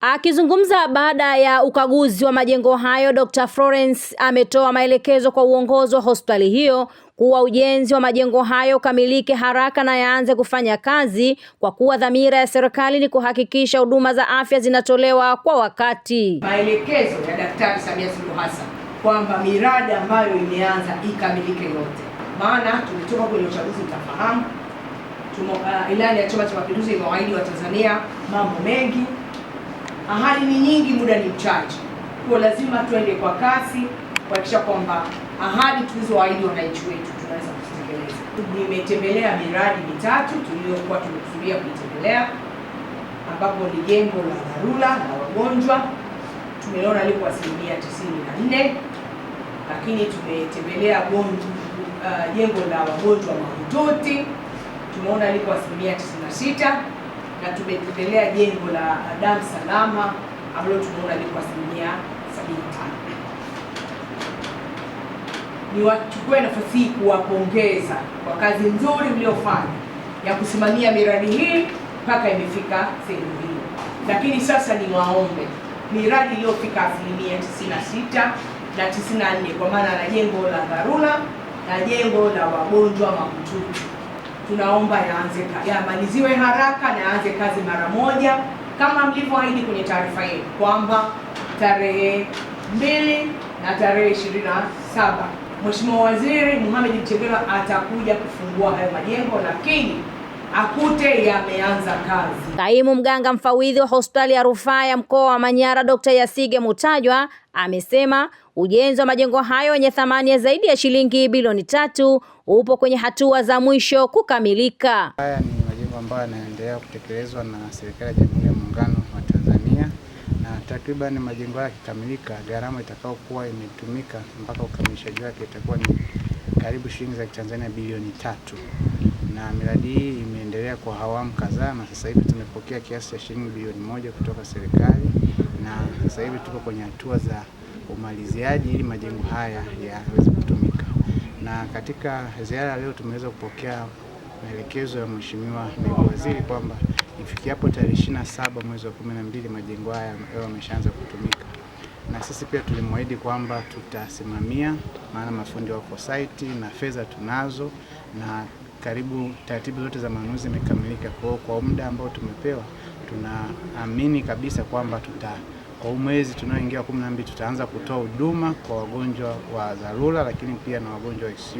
Akizungumza baada ya ukaguzi wa majengo hayo, Dr. Florence ametoa maelekezo kwa uongozi wa hospitali hiyo kuwa ujenzi wa majengo hayo ukamilike haraka na yaanze kufanya kazi kwa kuwa dhamira ya serikali ni kuhakikisha huduma za afya zinatolewa kwa wakati. Maelekezo ya Daktari Samia Suluhu Hassan kwamba miradi ambayo imeanza ikamilike yote, maana tumetoka kwenye uchaguzi, mtafahamu, uh, ilani ya Chama cha Mapinduzi imewaahidi Watanzania mambo mengi ahadi ni nyingi, muda ni mchache, kwa lazima tuende kwa kasi kuhakikisha kwamba ahadi tulizoahidi wananchi wetu tunaweza kuzitekeleza. Nimetembelea miradi mitatu tuliyokuwa tumekusudia kuitembelea, ambapo ni jengo la dharura la wagonjwa tumeona liko asilimia tisini na nne, lakini tumetembelea uh, jengo uh, la wagonjwa mahututi tumeona liko asilimia 96 na tumetembelea jengo la damu salama ambalo tumeona liko asilimia 75. Niwachukue nafasi hii kuwapongeza kwa kazi nzuri mliofanya ya kusimamia miradi hii mpaka imefika sehemu hii, lakini sasa niwaombe miradi iliyofika asilimia 96 na 94 kwa maana na jengo la dharura na jengo la wagonjwa mahututi tunaomba yaanze yamaliziwe haraka na yaanze kazi mara moja, kama mlivyoahidi kwenye taarifa yenu kwamba tarehe mbili na tarehe 27 Mheshimiwa Waziri Mohamed Mchegela atakuja kufungua hayo majengo lakini akute yameanza kazi. Kaimu mganga mfawidhi wa hospitali ya rufaa ya mkoa wa Manyara Dr. Yasige Mutajwa amesema ujenzi wa majengo hayo yenye thamani ya zaidi ya shilingi bilioni tatu upo kwenye hatua za mwisho kukamilika. Haya ni majengo ambayo yanaendelea kutekelezwa na serikali ya Jamhuri ya Muungano wa Tanzania, na takriban majengo haya yakikamilika, gharama itakayokuwa imetumika mpaka ukamilishaji wake itakuwa ni karibu shilingi za Kitanzania bilioni tatu na miradi hii imeendelea kwa awamu kadhaa, na sasa hivi tumepokea kiasi cha shilingi bilioni moja kutoka serikali, na sasa hivi tuko kwenye hatua za umaliziaji ili majengo haya yaweze kutumika. Na katika ziara leo tumeweza kupokea maelekezo ya Mheshimiwa Naibu Waziri kwamba ifikiapo tarehe ishirini na saba mwezi wa kumi na mbili majengo haya yameshaanza kutumika, na sisi pia tulimwahidi kwamba tutasimamia, maana mafundi wako site na fedha tunazo na karibu taratibu zote za manunuzi zimekamilika. Kwa kwa muda ambao tumepewa, tunaamini kabisa kwamba tuta kwa mwezi tunaoingia 12 tutaanza kutoa huduma kwa wagonjwa wa dharura, lakini pia na wagonjwa wa ICU.